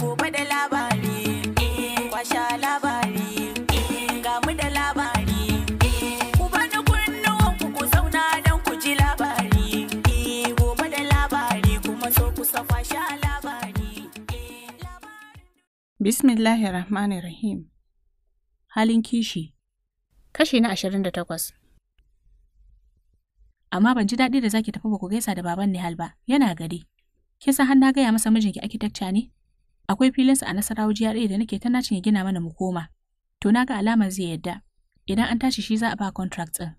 gobe da labari eh, kwasha labari eh, ga mu da labari eh, ku bani kunnuwan ku ku zauna don ku ji labari gobe da labari kuma so ku sa kwasha labari rahim halin kishi kashi na ashirin da takwas. amma ban ji daɗi da zaki tafi ba ku gaisa da baban Nihal ba, yana gari. Kin san har na gaya masa mijinki architecture ne? Akwai filinsa a Nasarawa ɗaya da nake ta nacin ya gina mana mu koma. To na ga alamar zai yadda. Idan an tashi shi za a ba contract ɗin.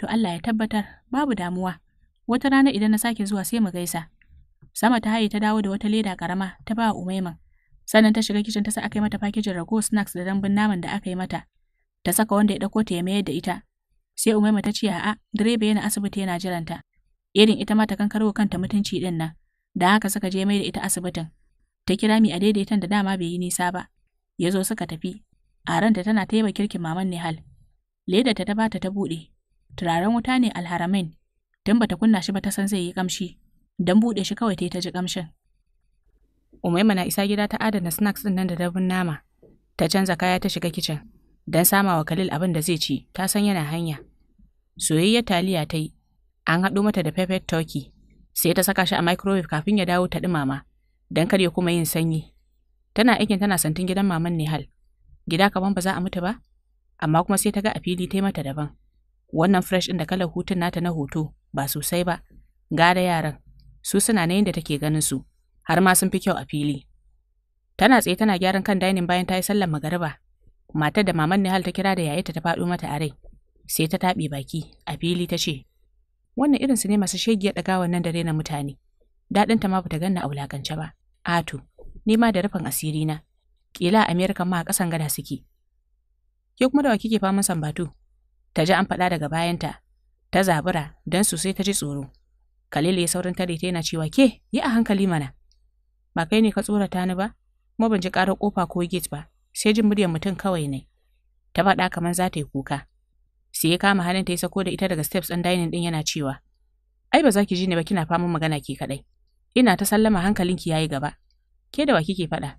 To Allah ya tabbatar, babu damuwa. Wata rana idan na sake zuwa sai mu gaisa. Sama ta haye ta dawo da wata leda karama ta ba Umaiman. Sannan ta shiga kicin ta sa aka yi mata fakejin rago snacks da dambun naman da aka yi mata. Ta saka wanda ya dauko ta ya mayar da ita. Sai Umaima ta ce a'a, direba yana asibiti yana jiranta. Irin ita ma ta kankarwa kanta mutunci ɗin nan. Da haka suka je mai da ita asibitin. Ta kira mi a daidaitan da dama bai yi nisa ba. Ya zo suka tafi. A ranta tana ta yi kirkin maman Nihal. Leda ta ta bata ta buɗe. Turaren wuta ne alharamain. Tun bata kunna shi ba ta san zai yi kamshi. Dan buɗe shi kawai ta yi ta ji kamshin. Umaima na isa gida ta adana snacks ɗin nan da dabin nama. Ta canza kaya ta shiga kicin. Dan sama wa Khalil abin da zai ci, ta san yana hanya. Soyayyar taliya ta yi, an haɗo mata da pepper turkey sai ta saka shi a microwave kafin ya dawo ta ɗumama. Dan kar kuma yin sanyi. Tana aikin tana santin gidan maman Nihal. Gida kaman ba za a mutu ba? Amma kuma sai ta ga a fili ta mata daban. Wannan fresh ɗin da kalar hutun nata na hoto ba sosai ba. Gara yaran, su suna na yin da take ganin su, har ma sun fi kyau a fili. Tana tsaye tana gyaran kan dainin bayan ta yi sallar magariba. Matar da maman Nihal ta kira da yaye ta faɗo mata a rai. Sai ta taɓe baki a fili ta ce, wannan irinsu ne masu shegiyar ɗaga wannan dare na mutane. Daɗinta ma bata ganna a wulakance ba. Ato, ma da rufin asiri na. Ƙila a Amerika ma a ƙasan gada suke. Ke kuma da wa kike faman sambatu? Ta ji an faɗa daga bayanta. Ta zabura don su sai ta ji tsoro. Khalil ya saurin tare ta yana cewa ke yi a hankali mana. Ba kai ne ka tsorata ni ba? Kuma ban ji ƙarar ƙofa ko gate ba. Sai jin muryar mutum kawai ne. Ta faɗa kamar za ta yi kuka. Sai ya kama hannun ta ya sako da ita daga steps ɗin dining ɗin yana cewa. Ai ba za ki ji ne ba kina faman magana ke kaɗai. Ina ta sallama hankalinki yayi gaba. Ke da wa kike faɗa?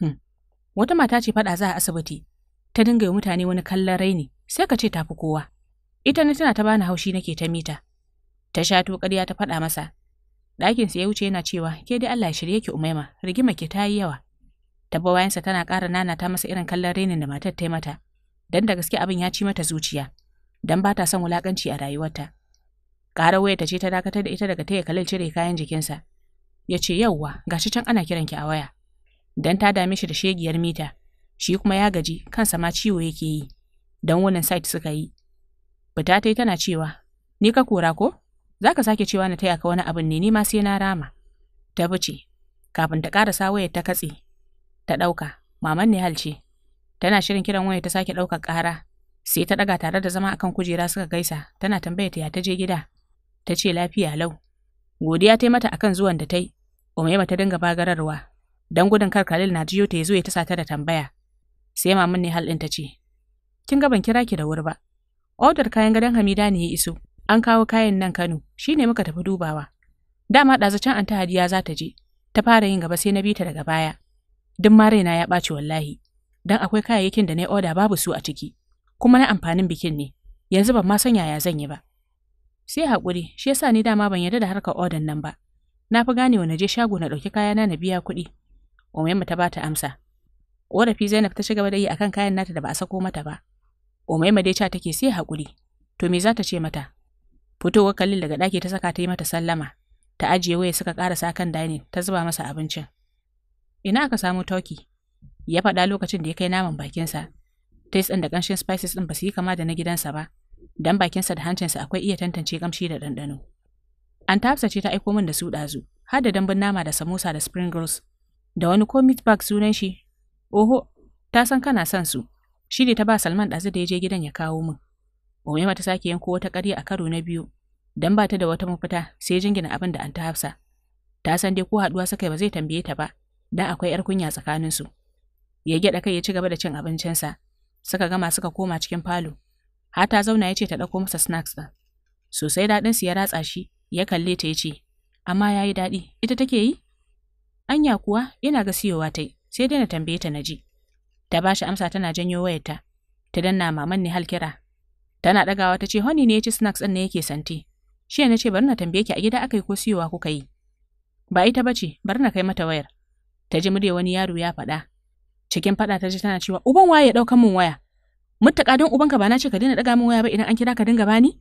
Hmm. Wata mata ce faɗa za a asibiti. Ta dinga yi mutane wani kallon raini, sai ka ce ta fi kowa. Ita ne tana ta bani haushi nake ta mita. Ta sha ƙarya ta faɗa masa. Ɗakinsa ya wuce yana cewa, ke dai Allah ya shirye ki umaima, rigima ke, ta yi yawa. Tabba wayansa tana ƙara nana ta masa irin kallon rainin da matar ta mata. Dan da gaske abin ya ci mata zuciya. Dan ba ta son wulaƙanci a rayuwarta. Ƙarar wayarta ce ta dakatar da ita daga taya Khalil cire kayan jikinsa. Ya ce yauwa gashi can ana kiranki a waya. Dan ta dame shi da shegiyar mita. Shi kuma ya gaji kansa ma ciwo yake yi. Dan wannan site suka yi. Fita tai tana cewa ni ka kora ko? Za ka sake cewa na taya ka wani abin ne ni ma sai na rama. Ta fice kafin ta ƙara sa wayar ta katse. Ta ɗauka maman ne halce. Tana shirin kiran wayar ta sake ɗaukar ƙara. Sai ta ɗaga tare da zama akan kujera suka gaisa tana tambaya ta ya ta je gida. ta ce lafiya lau. Godiya ta mata akan zuwan da ta yi, Umaima ta dinga bagararwa, don gudun kar Khalil na jiyo ta zo ya tasa ta da tambaya. Sai mamun ne hal ɗin ta ce, Kin ga ban kira ki da wuri ba. Odar kayan gadon Hamida ne ya iso, an kawo kayan nan Kano, shi ne muka tafi dubawa. Dama ɗazacen an ta hadiya za ta je, ta fara yin gaba sai na bi ta daga baya. Duk ma raina ya ɓaci wallahi, don akwai kayayyakin da na oda babu su a ciki, kuma na amfanin bikin ne, yanzu ban ma san yaya zan yi ba. Sai haƙuri, shi yasa ni dama ban yarda da harkar odan nan ba. Na fi gane wa na je shago na ɗauki kayana na biya kuɗi. Umayma ta bata amsa. Ƙorafi Zainab ta shiga gaba akan kayan nata da ba a sako mata ba. Umayma dai ca take sai haƙuri. To me za ta ce mata? Fitowar kallin daga daki ta saka ta yi mata sallama. Ta ajiye waya suka ƙarasa kan dani ta zuba masa abincin. Ina aka samu toki? Ya faɗa lokacin da ya kai naman bakinsa. Taste ɗin da ƙanshin spices ɗin ba su yi kama da na gidansa ba. dan bakinsa da hancinsa akwai iya tantance kamshi da ɗanɗano. An tafsa ce ta aiko min da su ɗazu, har da dambun nama da samosa da spring rolls, da wani ko meat bag sunan shi. Oho, ta san kana son su, shi ne ta ba Salman ɗazu da ya je gidan ya kawo min. Umaima ta sake yanko wata ƙarya a karo na biyu, dan ba ta da wata mafita sai jingina abin da an ta hafsa. Ta san dai ko haɗuwa suka ba zai tambaye ta ba, dan akwai 'yar kunya tsakaninsu. Ya gyaɗa kai ya ci gaba da cin abincinsa, suka gama suka koma cikin falo har ta zauna ya ce ta ɗauko masa snacks ɗin. Sosai su ya ratsa shi, ya kalle ta ya ce, amma ya yi daɗi, ita take yi? Anya kuwa Ina ga siyowa ta sai dai na tambaye ta na ji. Ta ba shi amsa tana janyo wayarta, ta danna maman hal kira. Tana ɗagawa ta ce, Honey ne ya ci snacks ɗin ne yake santi. Shi na ce, bari na tambaye ki a gida aka yi ko siyowa kuka yi. Ba ita ba ce, bari na kai mata wayar. Ta ji murya wani yaro ya faɗa. Cikin faɗa ta ji tana cewa, Uban waye ya ɗauka min waya? Muttaka don ubanka ba na ce ka dina daga min waya ba idan an kira ka dinga bani?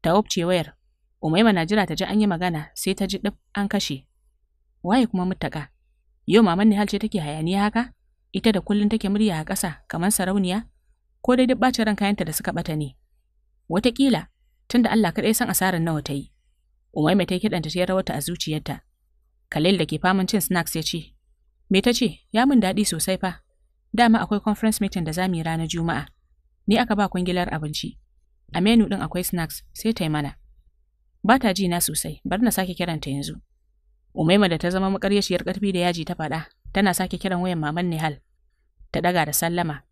Ta wabce wayar. Umaima na jira ta ji an yi magana sai ta ji dip an kashe. Waye kuma muttaka? Yau maman Nihal ce take hayaniya haka? Ita da kullun take murya a ƙasa kamar sarauniya? Ko dai duk bacin ran kayanta da suka bata ne? Wataƙila, tunda Allah kaɗai san asarar nawa ta yi. Umaima ta kiɗanta ta rawata a zuciyarta. Khalil da ke faman cin snacks ya ce, Me ta ce, ya mun daɗi sosai fa, dama akwai conference meeting da za mu yi ranar Juma'a. Ni aka ba kwangilar abinci. A menu ɗin akwai snacks sai ta yi mana. Ba ta ji na sosai, bar na sake kiranta yanzu. Umaima da ta zama makaryaciyar ƙarfi da yaji ta faɗa, tana sake kiran wayan maman Nihal. Ta ɗaga da sallama.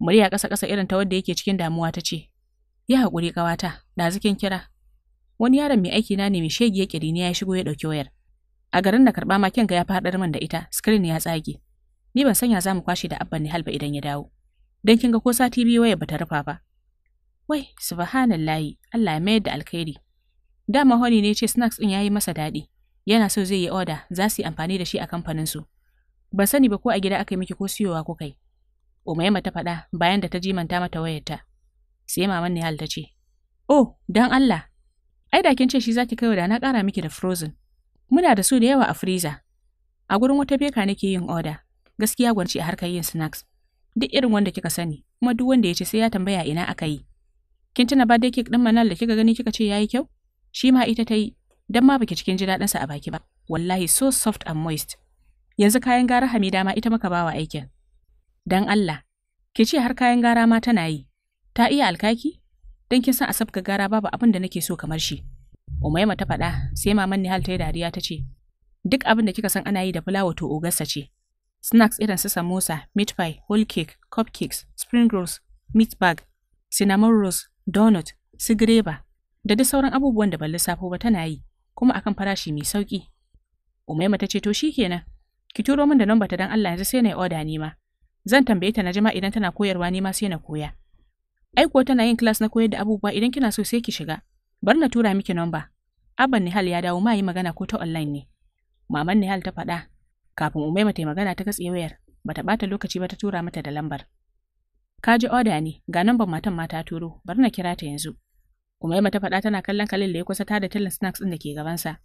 Murya ƙasa-ƙasa irin ta wadda yake cikin damuwa ta ce, Ya haƙuri ƙawata, zikin kira. Wani yaron mai aiki na ne mai ya ne ya shigo ya ɗauki wayar. A garin da karɓa ma kyanka ya faɗar min da ita, screen ya tsage. Ni ban sanya za mu kwashe da abban Nihal ba idan ya dawo. don kin ga ko sati biyu waya bata rufa ba. Wai, subhanallahi, Allah ya mayar da alkhairi. Dama honi ne ce snacks din ya yi masa daɗi. Yana so zai yi order za su yi amfani da shi a kamfaninsu. Ban sani ba ko a gida aka yi miki ko siyowa ko kai. Umayma ta faɗa bayan da ta ji manta mata wayarta. Sai maman Nihal ta ce, "Oh, dan Allah, ai da kin ce shi zaki kai da na kara miki da frozen. Muna da su da yawa a freezer. A gurin wata beka nake yin order. Gaskiya gwanci a harkar yin snacks. duk irin wanda kika sani kuma duk wanda ya ce sai ya tambaya ina aka yi kin tuna ba dai cake din manal da kika gani kika ce yayi kyau shi ma ita ta yi dan ma baki cikin ji dan sa a baki ba wallahi so soft and moist yanzu kayan gara Hamida ma ita maka bawa aikin dan Allah ki ce har kayan gara ma tana yi ta iya alkaki dan kin san a sabka gara babu abin da nake so kamar shi Umaima ta faɗa sai maman Nihal ta yi dariya ta ce duk abin da kika san ana yi da fulawa to ogarsa ce Snacks irin su samosa, meat pie, whole cake, cupcakes, spring rolls, meat bag, cinnamon rolls, donut, su greba, da duk sauran abubuwan da ban safo ba tana yi, kuma akan farashi mai sauki. Umaima ta ce to shi kenan. Ki turo min da numba ta dan Allah yanzu sai na yi oda ni ma. Zan tambaye ta na jima idan tana koyarwa ni ma sai na koya. Ai kuwa tana yin class na koyar da abubuwa idan kina so sai ki shiga. Bar na tura miki namba. Abban Nihal ya dawo ma yi magana ko ta online ne. Maman Nihal ta faɗa Kafin Umaima ta magana ta katse wayar, bata bata lokaci ba ta tura mata da lambar. Ka ji oda ne, ga lambar matan ma ta turo, bari na kira ta yanzu. Umaima ta faɗa tana kallon Khalil da ya kusa ta da tallan snacks ɗin da ke gabansa.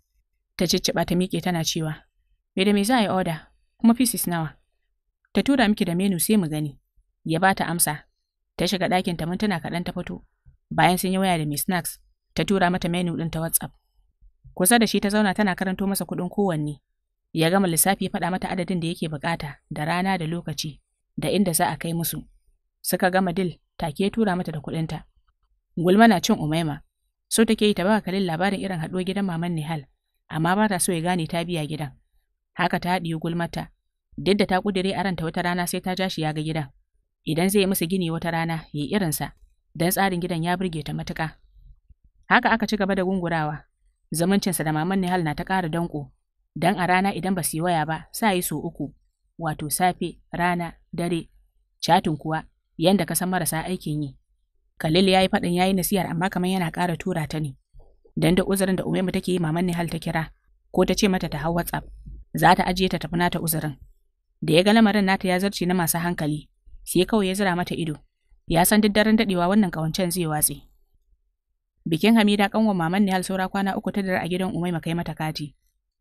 Ta cicciba ta miƙe tana cewa, Me da me za a yi oda? Kuma pieces nawa? Ta tura miki da menu sai mu gani. Ya bata amsa. Ta shiga ɗakin ta mintuna kaɗan ta fito. Bayan sun yi waya da mai snacks, ta tura mata menu ɗin ta WhatsApp. Kusa da shi ta zauna tana karanto masa kuɗin kowanne. ya gama lissafi faɗa mata adadin da yake bukata da rana da lokaci da inda za a kai musu suka gama dil take ya tura mata da kuɗinta gulma na cin umaima so take yi ta ba kalin labarin irin haɗo gidan maman nihal amma ba ta so ya gane ta biya gidan haka ta haɗiye gulmata duk da ta ƙudire a ranta wata rana sai ta ja shi ya ga gidan idan zai musu gini wata rana ya yi irinsa don tsarin gidan ya burge ta matuka. haka aka ci gaba da gungurawa zamancinsa da maman nihal na ta ƙara danko don a rana idan ba su yi waya ba sa yi so uku wato safe rana dare chatin kuwa yanda ka san marasa aikin yi Khalil ya yi faɗin ya yi nasiyar amma kamar yana ƙara tura ta ne dan da uzurin da Umayma take yi maman hal ta kira ko ta ce mata ta hau WhatsApp za ta ajiye ta tafi nata uzurin da ya ga lamarin nata ya zarce na masu hankali sai kawai ya zira mata ido ya san duk daren dadewa wannan kawancen zai watse bikin Hamida kanwa maman hal saura kwana uku ta dare a gidan Umayma kai mata kati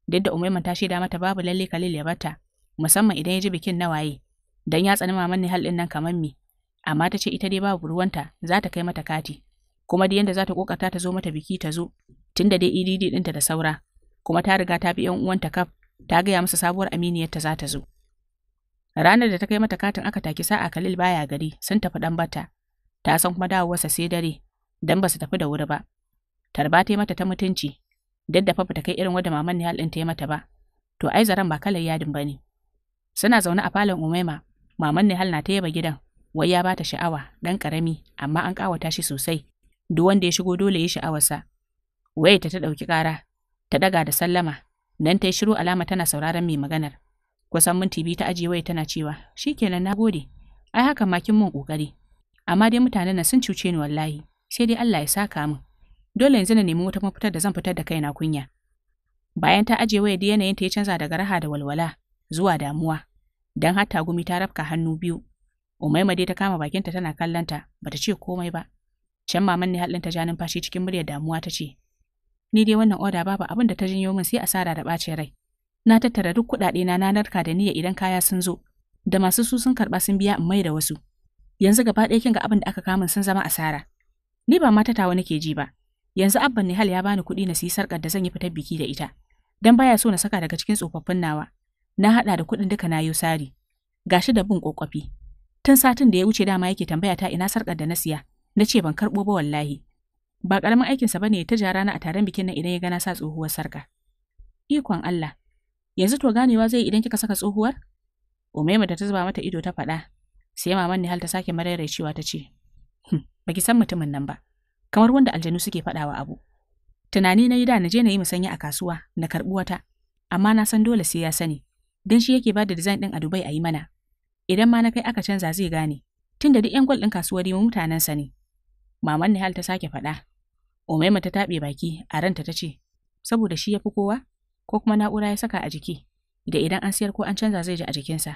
duk da Umaiman ta shaida mata babu lalle Khalil ya bata, musamman idan ya ji bikin na waye, dan ya tsani maman hal din nan kamar me. Amma ta ce ita dai babu ruwanta, za ta kai mata kati, kuma da yanda za ta kokarta ta zo mata biki ta zo, tunda dai EDD ɗinta da saura, kuma ta riga ta bi ‘yan uwanta kaf, ta gaya masa sabuwar aminiyarta za ta zo. Ranar da ta kai mata katin aka taki a Khalil baya gari sun tafi dan bata. Ta san kuma dawowarsa sai dare, dan ba su tafi da wuri ba. Tarba ta mata ta mutunci, duk da fa ta kai irin wadda maman Nihal halin ta yi mata ba, to ai zaren ba kalar yadin ba ne. Suna zaune a falon Umaima, maman hal na ta yaba gidan, wai ya bata sha'awa, dan karami amma an kawata shi sosai, duk wanda ya shigo dole ya sha'awarsa. wai ta ta ɗauki kara ta daga da sallama, nan ta yi shiru alama tana sauraron mai maganar. Kusan minti biyu ta ajiye waya tana cewa, shikenan na gode, ai haka makin mun kokari Amma dai mutanen nan sun cuce ni wallahi, sai dai Allah ya saka min. Dole yanzu na nemi wata mafitar da zan fitar da kaina kunya. Bayan ta ajiye waya yanayin ta ya canza daga raha da walwala zuwa damuwa. Dan hatta gumi ta rafka hannu biyu. Umaima dai ta kama bakinta tana kallanta, bata ce komai ba. Can maman ne halin ta ja numfashi cikin muryar damuwa ta ce, Ni dai wannan oda babu abin da ta janyo min sai asara da ɓacin rai. Na tattara duk kuɗaɗe na na narka da niyya idan kaya sun zo, da masu su sun karɓa sun biya in mai da wasu. Yanzu gaba ɗaya kin ga abin da aka kamun sun zama asara. Ni ba matata wani tawa nake ji ba, Yanzu abban Nihal ya bani kuɗi na siyi sarƙar da zan yi fitar biki da ita. Dan baya so na saka daga cikin tsofaffin nawa. Na haɗa da kuɗin duka na yo sari. Gashi da bin ƙoƙafi. Tun satin da ya wuce dama yake tambaya ta ina sarƙar da na siya. Na ce ban karɓo ba wallahi. Ba ƙaramin aikinsa ba ne ta jara na a taron bikin nan idan ya gana sa tsohuwar sarƙa. Ikon Allah. Yanzu to ganewa zai idan kika saka tsohuwar? Umaima da ta zuba mata ido ta faɗa. Sai maman Nihal ta sake cewa ta ce, hm, "Baki san mutumin nan ba." kamar wanda aljanu suke faɗawa abu. Tunani na yi da na je na yi musanya a kasuwa na karɓi wata, amma na san dole sai ya sani, don shi yake ba da design ɗin a Dubai a yi mana. Idan ma na kai aka canza zai gane, tunda duk 'yan gwal ɗin kasuwar mu mutanensa ne. Maman Nihal ta sake faɗa. Umaima ta taɓe baki a ranta ta ce, saboda shi ya fi kowa, ko kuma na'ura ya saka a jiki, da idan an siyar ko an canza zai ji a jikinsa.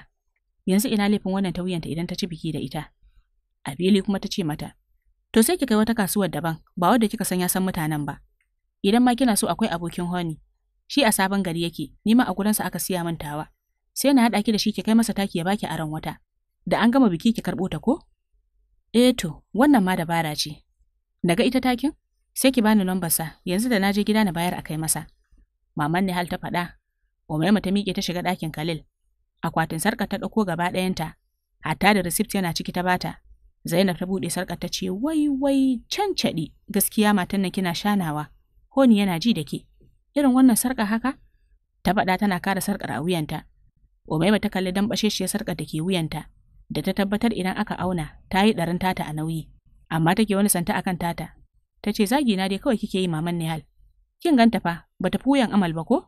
Yanzu ina laifin wannan tauyanta idan ta ci biki da ita. A kuma ta ce mata, To sai ki kai wata kasuwar daban, ba wadda kika san ya san mutanen ba. Idan ma kina so akwai abokin honi, shi a sabon gari yake, ni ma a gurinsa aka siya min tawa. Sai na haɗa ki da shi ki kai masa taki ya baki aron wata. Da an gama biki ki karɓo ta ko? Eh to, wannan ma dabara ce. Daga ita takin? Sai ki bani sa, yanzu da na je gida na bayar a kai masa. Maman ne hal ta faɗa, Umaima ta miƙe ta shiga ɗakin Khalil. Akwatin sarka ta ɗauko gaba ɗayanta, hatta da receipt yana ciki ta bata, Zainab ta buɗe sarƙar ta ce wai wai can caɗi gaskiya matan na kina shanawa Ko ni yana ji da ke irin wannan sarƙa haka ta faɗa tana kara sarƙar a wuyanta Umaima ta kalli shi sarƙar da ke wuyanta da ta tabbatar idan aka auna ta yi ɗarin tata a nauyi amma take wani santa akan tata ta ce zagi na dai kawai kike yi maman Nihal kin ganta fa bata fuyan amal ba ko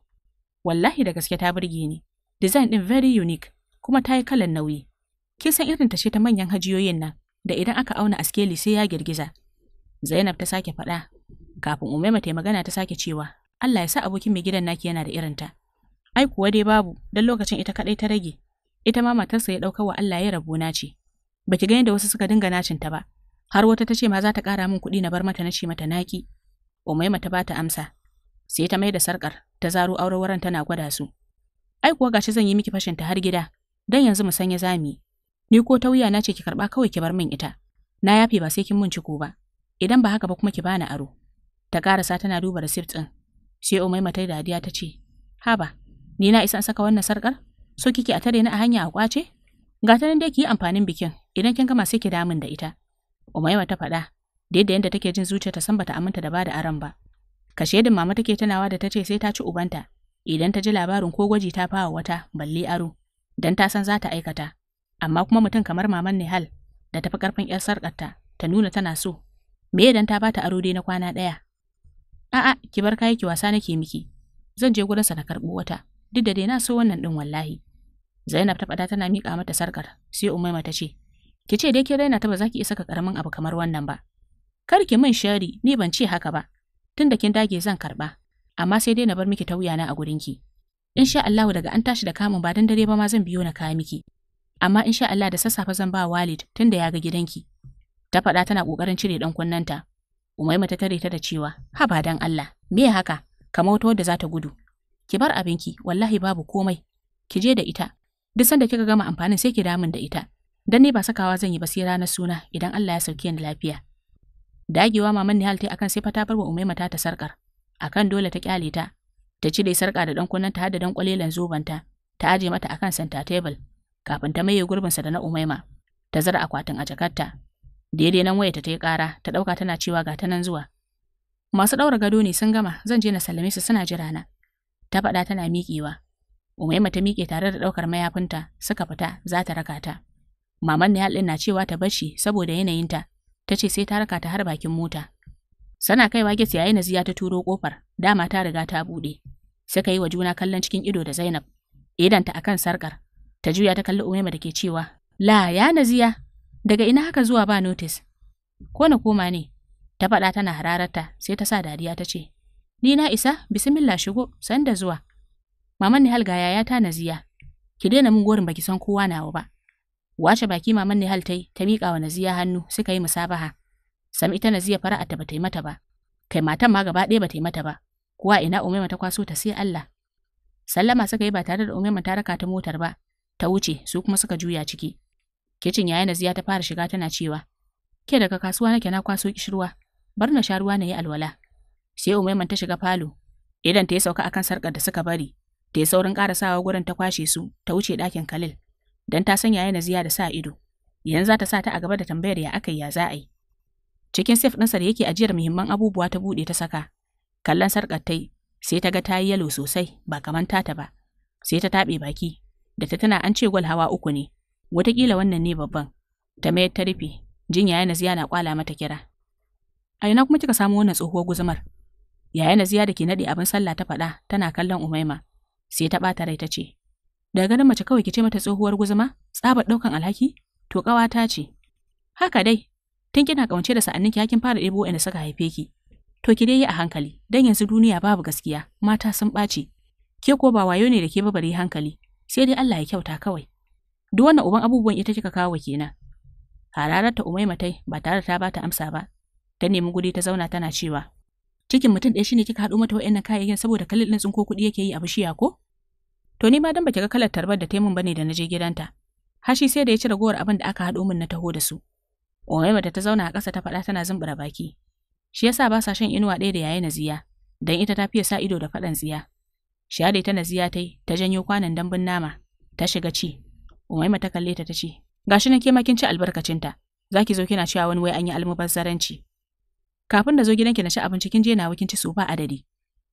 wallahi da gaske ta burge ni design din very unique kuma ta yi kalan nauyi kin san irin ta ce ta manyan hajiyoyin nan da idan aka auna askeli, sai ya girgiza. Zainab ta sake faɗa, kafin Umaima ta magana ta sake cewa, Allah ya sa abokin mai gidan naki yana da irinta. Ai kuwa dai babu, dan lokacin ita kaɗai ta rage. Ita ma matarsa ya ɗauka wa Allah ya rabu na ce. Baki ga yadda wasu suka dinga nacin ta ba. Har wata ta ce ma za ta ƙara min kuɗi na bar mata na ce mata naki. Umaima ta ba ta amsa. Sai ta mai da sarƙar, ta zaro auren tana gwada su. Ai kuwa gashi zan yi miki fashin ta har gida, dan yanzu mu sanya zami. Ni ko ta na ce ki karba kawai ki bar min ita. Na yafe ba sai kin mun ciko ba. Idan ba haka ba kuma ki bani aro. Ta karasa tana duba receipt din. Sai Umaima ta dadiya ta ce, "Haba, ni na isa saka wannan sarkar? So kike a tare ni a hanya a kwace? Ga ta nan dai ki amfanin bikin, idan kin gama sai ki damun da ita." Umaima ta faɗa, da yadda yadda take jin zuciya ta san bata aminta da bada aron ba. Kashe din mama take tunawa da tace sai ta ci ubanta, idan ta ji labarin ko gwaji ta fawa wata balle aro, dan ta san za ta aikata. amma kuma mutum kamar maman Nihal da tafi karfin 'yar sarƙarta ta nuna tana so. Me dan ta bata aro dai na kwana ɗaya? A'a, ki bar kayi ki wasa nake miki. Zan je gurin sa na karɓo wata, duk da dai na so wannan din wallahi. Zainab ta fada tana mika mata sarkar sai Umaima ta ce, Ki ce dai ki raina ta ba za ki isa ka ƙaramin abu kamar wannan ba. Kar ki min shari, ni ban ce haka ba. Tunda kin dage zan karɓa, amma sai dai na bar miki ta na a gurinki. In sha Allahu daga an tashi da kamun ba dan dare ba ma zan biyo na kaya miki. amma insha Allah da sassafe zan ba Walid tunda ya ga gidanki. Ta faɗa tana ƙoƙarin cire ɗan kunnanta. Umaima ta tare ta da cewa, "Haba dan Allah, me haka? Kamar wata wadda za ta gudu. Ki bar abinki, wallahi babu komai. Ki je da ita. Duk sanda kika gama amfanin sai ki damun da ita. Dan ne ba sakawa zan yi ba sai ranar suna idan Allah ya sauke ni lafiya." Dagewa maman Nihal ta akan sai fata barwa Umaima ta ta sarkar. Akan dole ta kyale ta. Ta cire sarka da ɗan kunnanta har da dan kwalelan zobanta. Ta aje mata akan senta table. kafin ta maye gurbinsa da na Umaima ta zara akwatin a jakarta. Daidai nan wayarta ta yi ƙara ta ɗauka tana cewa ga ta nan zuwa. Masu ɗaura gado ne sun gama zan je na sallame su suna jira na. Ta faɗa tana miƙewa. Umaima ta miƙe tare da ɗaukar mayafinta suka fita za ta raka ta. Maman halin na cewa ta bashi saboda yanayin ta ce sai ta raka ta har bakin mota. Sana kaiwa Gets yayin na Ziya ta turo kofar, dama ta riga ta buɗe. Suka yi wa juna kallon cikin ido da Zainab, idanta akan sarkar, ta juya ta kalli umaima da ke cewa la ya naziya daga ina haka zuwa ba notis? ko na koma ne ta faɗa tana hararta sai ta sa dariya ta ce ni na isa bismillah shigo san da zuwa maman Nihal ga yaya ta naziya ki daina mun gorin baki san kowa nawa ba wace baki maman Nihal tai ta miƙa wa naziya hannu suka yi musabaha sam ita naziya fara'a ta bata yi mata ba kai matan ma gaba ɗaya bata yi mata ba kuwa ina umaima ta kwaso ta sai Allah sallama suka yi ba tare da umaima ta raka ta motar ba ta wuce su kuma suka juya ciki. Kicin yaya ziya ta fara shiga tana cewa, Ke daga kasuwa nake na kwaso kishirwa, bar na sha ruwa na yi alwala. Sai Umaiman ta shiga falo, idan ta yi sauka akan sarƙar da suka bari, ta yi saurin sawa gurin ta kwashe su ta wuce ɗakin Khalil, don ta san yaya ziya da sa ido. Yanzu za ta sa ta a gaba da tambayar ya aka yi ya za a yi. Cikin sef ɗinsa da yake ajiyar muhimman abubuwa ta buɗe ta saka, kallon sarƙar tai, sai ta ga ta yi yalo sosai ba kamar tata ba, sai ta taɓe baki da ta tana an ce gwal hawa uku ne, wataƙila wannan ne babban. Ta mayar ta rufe, jinya ya ziya na kwala mata kira. A ina kuma kika samu wannan tsohuwar guzumar? Yaya Naziya da ke naɗe abin sallah ta faɗa tana kallon Umaima, sai ta bata rai ta ce, Daga ganin mace kawai ki ce mata tsohuwar guzuma, tsabar ɗaukan alhaki, to ta ce. Haka dai, tun kina ƙawance da sa'annin ki hakin fara ɗebo da suka haife ki. To ki dai yi a hankali, dan yanzu duniya babu gaskiya, mata sun ɓaci. Ke ko ba wayo ne da ke babare hankali, sai dai Allah ya kyauta kawai. Duk wannan uban abubuwan ita kika kawo kenan. ta Umaima tai ba tare ta bata amsa ba. Ta nemi guri ta zauna tana cewa, cikin mutum ɗaya shine kika haɗu mata wa'annan kayayyakin saboda kalil ɗin tsinko kuɗi yake yi a bishiya ko? To ni ma dan baki ga kalar tarbar da taimun bane da na je gidanta. Hashi sai da ya ci ragowar abin da aka haɗo min na taho da su. Umaima ta zauna a ƙasa ta faɗa tana zumbura baki. Shi yasa ba sa shan inuwa ɗaya da yayi na ziya, dan ita ta fiye sa ido da faɗan tsiya. Shade ta naziya ta yi, ta janyo kwanan dambun nama, ta shiga ci. Umaima ta kalle ta ta ce, Gashi nan ke makin ci albarkacinta, za ki zo kina cewa wani wai an yi almubazzaranci. Kafin da zo gidanki na ci abinci kin je nawa kin ci su ba adadi.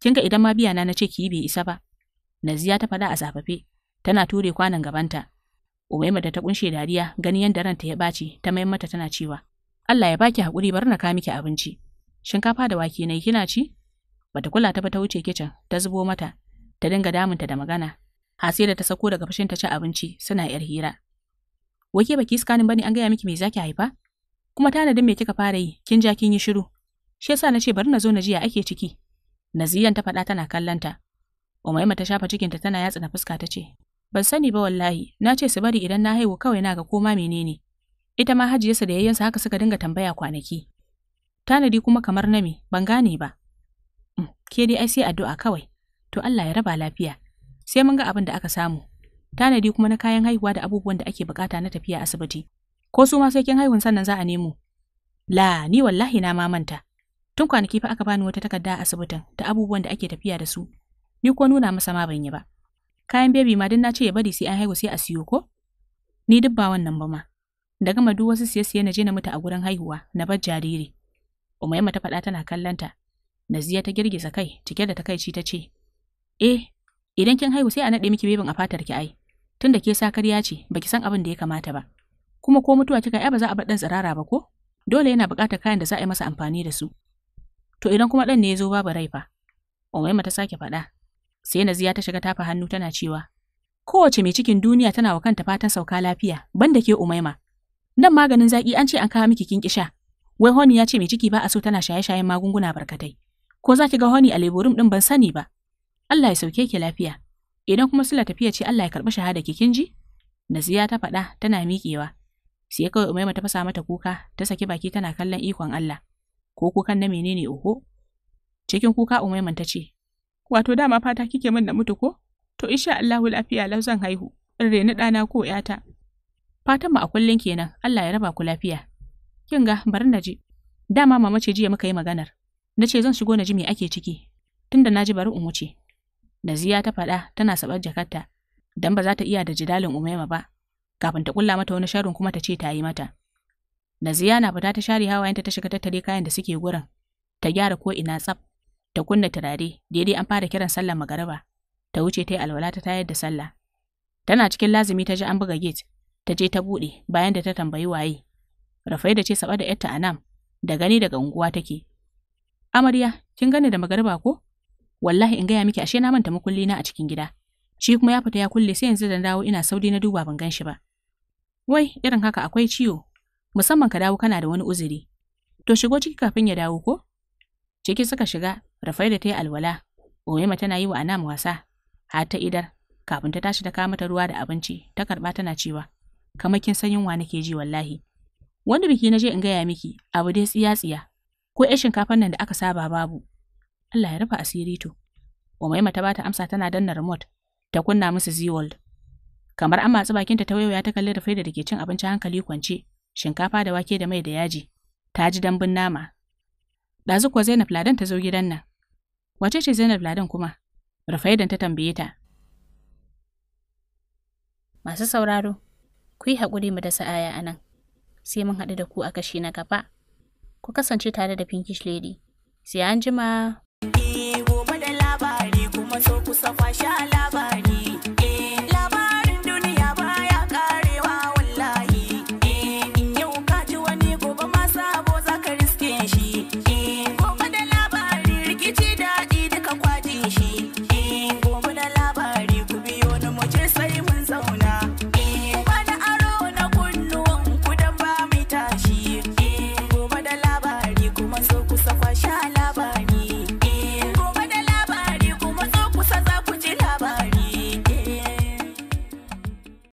Kin ga idan ma biya na na ce ki yi bai isa ba. Naziya ta faɗa a zafafe, tana ture kwanan gabanta. Umaima da ta kunshe dariya gani yadda ranta ya ɓaci ta mayar mata tana cewa, Allah ya baki haƙuri bar na ka miki abinci. Shinkafa da wake ne kina ci? Bata kula ta ba ta wuce kicin ta zubo mata ta dinga damunta da magana. da ta sako daga fashin ta ci abinci suna yar hira. Wake baki iskanin bane an gaya miki me zaki haifa? Kuma tanadin me kika fara yi? Kin ja kin yi shiru. Shi yasa na ce bari na zo na jiya, ake ciki. Naziyan ta faɗa tana kallanta. Umaima ta shafa cikinta tana yatsa na fuska ta ce, Ban sani ba wallahi, na ce su bari idan na haihu kawai na ga koma menene. Ita ma hajiyarsa da yayyansa haka suka dinga tambaya kwanaki. Tanadi kuma kamar nami. ban gane ba. Mm, ke dai ai sai addu'a kawai. To Allah ya raba lafiya. Sai mun ga abin da aka samu. Tanadi kuma na kayan haihuwa da abubuwan da ake bukata na tafiya asibiti. Ko su ma sai kin haihun sannan za a nemo. La, ni wallahi na mamanta. Tun kwanaki fa aka bani wata takarda a asibitin ta abubuwan da ake tafiya da su. Ni ko nuna masa ma ban yi ba. Kayan bebi ma din na ce ya bari sai an haihu sai a siyo ko? Ni duk ba wannan ba ma. Da gama duk wasu siye-siye na je na mutu a gurin haihuwa na bar jariri. Umayma ta faɗa tana kallanta. Naziya ta girgiza kai cike da takaici ta ce, Eh, idan kin haihu sai a naɗe miki bebin a fatar ki ai. Tunda ke sa karya ce, baki san abin da ya kamata ba. Kuma ko mutuwa kika ai ba za a bar dan tsirara ba ko? Dole yana buƙatar kayan da za a yi masa amfani da su. To idan kuma dan ne ya zo babu rai fa. Umaima ta sake faɗa. Sai Naziya ta shiga tafa hannu tana cewa, Kowace mai cikin duniya tana wa kanta fatan sauka lafiya, banda ke Umaima. Nan maganin zaki an ce an kawo miki kin kisha. Wai Honi ya ce mai ciki ba a so tana shaye-shayen magunguna barkatai. Ko za ki ga Honi a leburum ɗin ban sani ba. Allah ya sauke ki lafiya. Idan kuma Sula tafiya ce Allah ya karɓi shahada ki kin ji? Naziya ta faɗa tana miƙewa. Sai kawai Umaima ta fasa mata kuka, ta saki baki tana kallon ikon Allah. Ko kukan na menene oho? Cikin kuka Umaiman ta ce, Wato dama fata kike min na mutu ko? To insha Allahu lafiya lau zan haihu, in reni ɗana ko ‘yata. Fatan mu a kullun kenan, Allah ya raba ku lafiya. Kin ga bari na ji. Dama mama ce jiya muka yi maganar. Na ce zan shigo na ji me ake ciki. Tunda na ji bari in wuce. Naziya ta faɗa tana saɓar jakarta, don ba za ta iya da jidalin Umaima ba, kafin ta kulla mata wani sharin kuma ta ce ta yi mata. Naziya na fita ta share hawayenta ta shiga tattare kayan da suke gurin, ta gyara ko ina tsaf, ta kunna turare, daidai an fara kiran sallar magariba, ta wuce ta yi alwala ta tayar da sallah. Tana cikin lazumi ta ji an buga gate, ta je ta buɗe bayan da ta tambayi waye. Rafai da ce saɓa da ‘yarta a nan, da gani daga unguwa take. Amarya, kin gane da magariba ko? wallahi in gaya miki ashe na manta makulli na a cikin gida shi kuma ya fita ya kulle sai yanzu da dawo ina saudi na duba ban ganshi ba wai irin haka akwai ciwo musamman ka dawo kana da wani uzuri to shigo ciki kafin ya dawo ko ciki suka shiga rafai da ta yi alwala oyema tana yi wa anam wasa har ta idar kafin ta tashi ta kawo mata ruwa da abinci ta karba tana cewa kamar kin san yunwa nake ji wallahi Wani biki na je in gaya miki abu dai tsiya tsiya ko 'yan shinkafan nan da aka saba babu Allah ya rufa asiri to. Umaima ta bata amsa tana danna remote ta kunna musu zewold Kamar an matsi bakinta ta wayoya ta kalli rufe da dake cin abinci hankali kwance, shinkafa da wake da mai da yaji. Ta ji dambun nama. dazu kuwa Zainab Ladan ta zo gidan nan. Wace ce Zainab Ladan kuma? Rufaidan ta tambaye ta. Masu sauraro, ku yi haƙuri mu da sa'aya a nan. Sai mun haɗu da ku a kashi na gaba. Ku kasance tare da Pinkish Lady. Sai an jima Gobe da labari kuma so kusa kwashala.